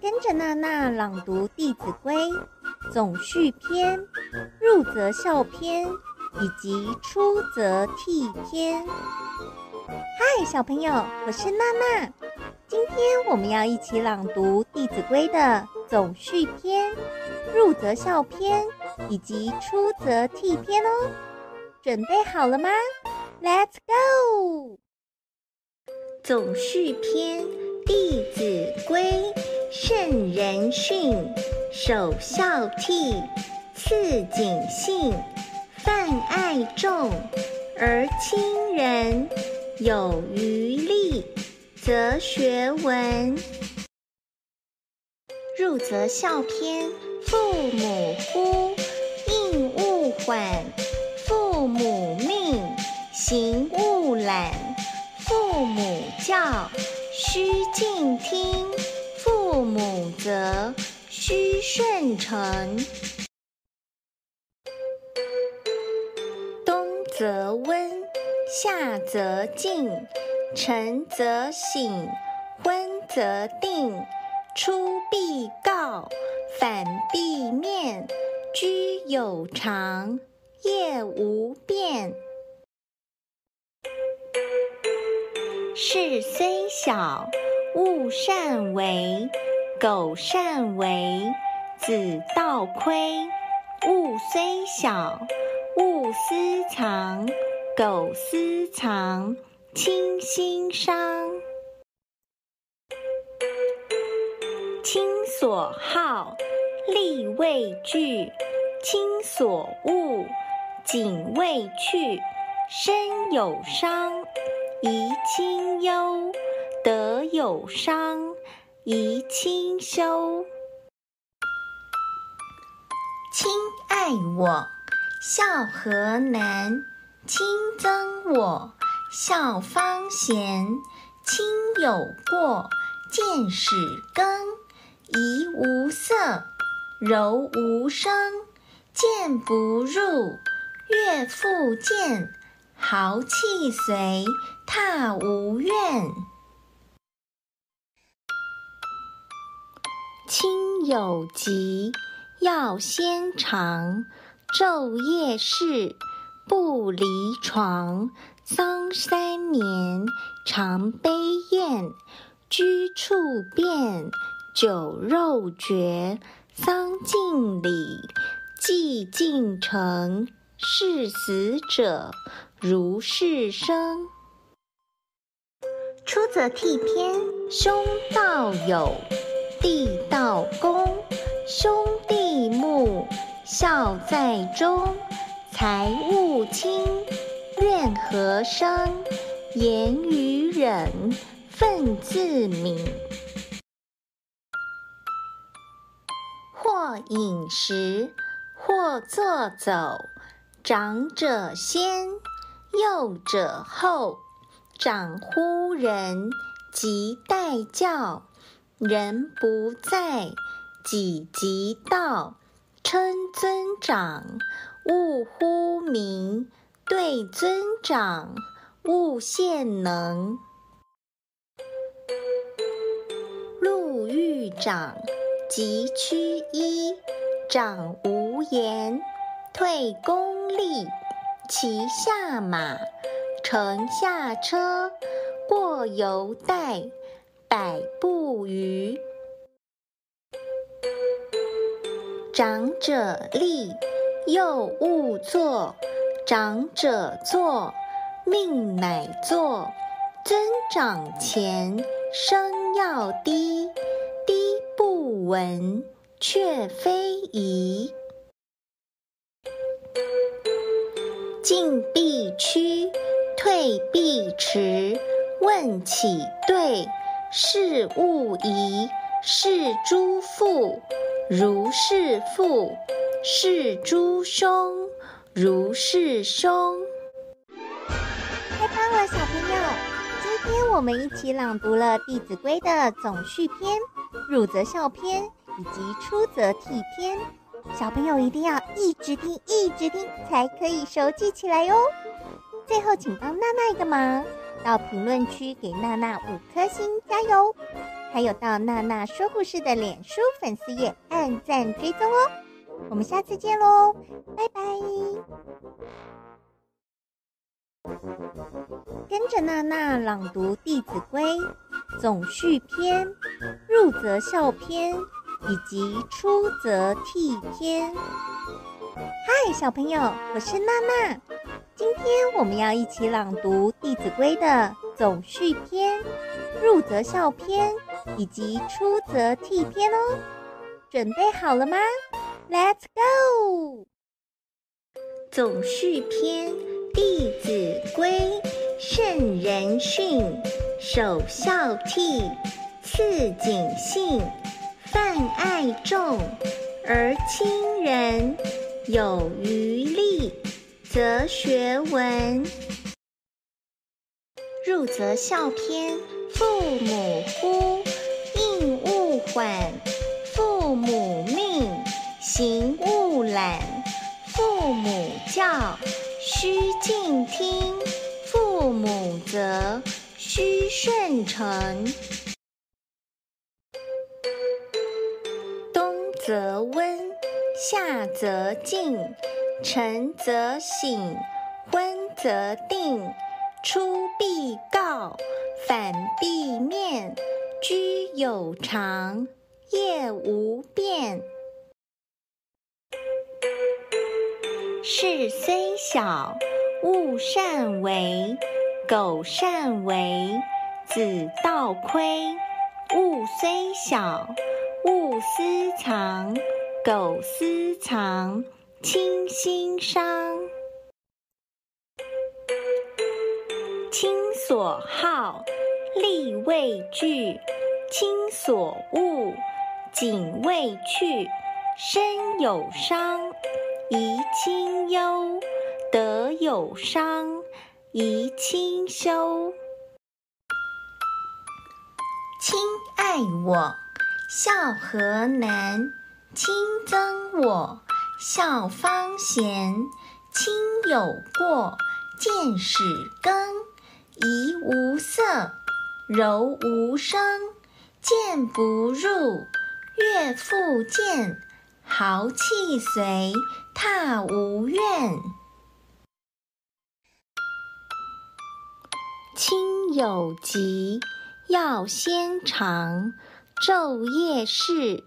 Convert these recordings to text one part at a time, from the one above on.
跟着娜娜朗讀《弟子規》總敘篇、入則孝篇以及出則悌篇。嗨，小朋友，我是娜娜。今天我們要一起朗讀《弟子規》的總敘篇、入則孝篇以及出則悌篇哦。準備好了嗎？Let's go！總敘篇。《弟子規》聖人訓，首孝悌，次謹信，泛愛眾，而親仁，有餘力，則學文。入則孝篇，父母呼，應勿緩；父母命，行勿懶；父母教。須敬聽，父母責，須順承。冬則溫，夏則凊，晨則省，昏則定。出必告，反必面，居有常，業無變。事雖小，勿擅為；苟擅為，子道虧。物雖小，勿私藏；苟私藏，親心傷。親所好，力為具；親所惡，謹為去。身有傷，貽親憂，德有傷；貽親羞，親愛我，孝何難；親憎我，孝方賢。親有過，諫使更；怡吾色，柔吾聲。諫不入，悅復諫。號泣隨，撻無怨。親有疾，藥先嘗。晝夜侍，不離床。喪三年，常悲咽。居處變，酒肉絕。喪盡禮，祭盡誠。事死者，如事生。出則弟篇：兄道友，弟道恭，兄弟睦，孝在中。財物輕，怨何生？言語忍，忿自泯。或飲食，或坐走，長者先。幼者後，長呼人，即代叫；人不在，己即到。稱尊長，勿呼名；對尊長，勿見能。路遇長，即趨揖；長無言，退恭立。騎下馬，乘下車，過猶待百步餘。長者立，幼勿坐；長者坐，命乃坐。尊長前，聲要低，低不聞，卻非宜。進必趨，退必遲。問起對，視勿移。事諸父，如事父；事諸兄，如事兄。開班了，小朋友！今天我們一起朗讀了《弟子規》的總序篇、入則孝篇以及出則悌篇。小朋友一定要一直聽，一直聽，才可以熟記起來喲、哦。最後，請幫娜娜一個忙，到評論區給娜娜五顆星，加油！還有到娜娜說故事的臉書粉絲頁按讚追蹤哦。我們下次見嘍，拜拜！跟着娜娜朗讀《弟子規》，總敘篇，入則孝篇。以及出則弟篇。嗨，小朋友，我是娜娜。今天我們要一起朗讀《弟子規》的總序篇、入則孝篇以及出則弟篇哦。準備好了嗎？Let's go。總序篇，《弟子規》聖人訓，首孝悌，次謹信。泛愛眾，而親仁；有餘力，則學文。入則孝篇：父母呼，應勿緩；父母命，行勿懶；父母教，須敬聽；父母責，須順承。則溫，夏則靜，晨則省，昏則定。出必告，反必面，居有常，業無變。事雖小，勿擅為，苟擅為，子道虧。物雖小，勿私藏，苟私藏，親心傷。親所好，力為具；親所惡，謹為去。身有傷，貽親憂；德有傷，貽親羞。親愛我。孝何難，親憎我，孝方賢。親有過，諫使更，怡吾色，柔吾聲，諫不入，悅復諫，號泣隨，撻無怨。親有疾，藥先嘗。晝夜侍，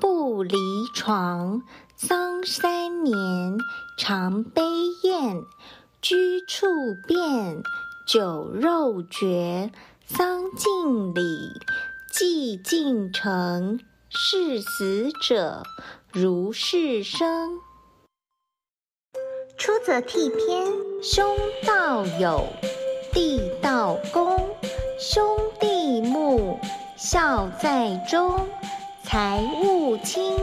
不離床；喪三年，常悲咽；居處變，酒肉絕；喪盡禮，祭盡誠；事死者，如事生。出則弟篇：兄道友，弟道恭，兄弟睦。孝在中，財物輕，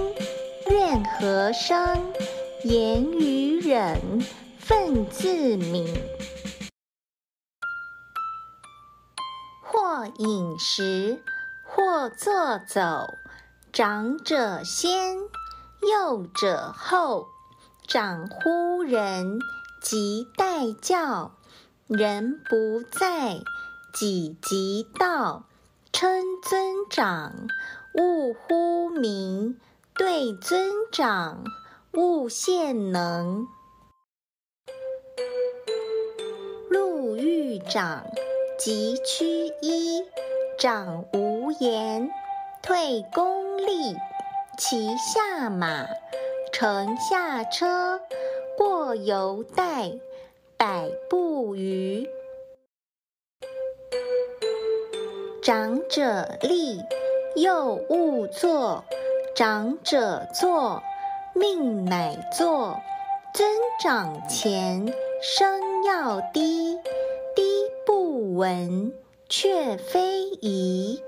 怨何生？言語忍，忿自泯。或飲食，或坐走，長者先，幼者後。長呼人，即代叫；人不在，己即，即到。稱尊長，勿呼名；對尊長，勿獻能。路遇長，疾趨揖；長無言，退恭立。騎下馬，乘下車，過猶待，百步餘。長者立，幼勿坐；長者坐，命乃坐。尊長前，聲要低，低不聞，卻非宜。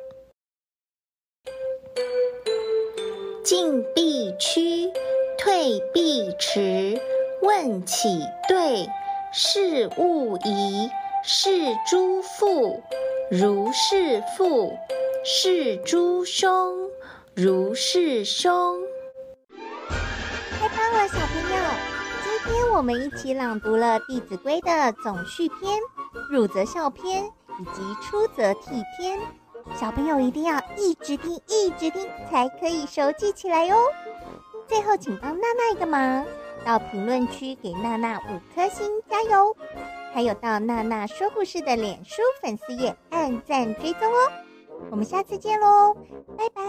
進必趨，退必遲。問起對，視勿移。事諸父，如事父，事諸兄，如事兄。太棒了，小朋友！今天我們一起朗讀了《弟子規》的總敘篇、入則孝篇以及出則弟篇。小朋友一定要一直聽，一直聽，才可以熟記起來喲。最後，請幫娜娜一個忙，到評論區給娜娜五顆星，加油！還有到娜娜說故事的臉書粉絲頁按讚追蹤哦，我們下次見嘍，拜拜。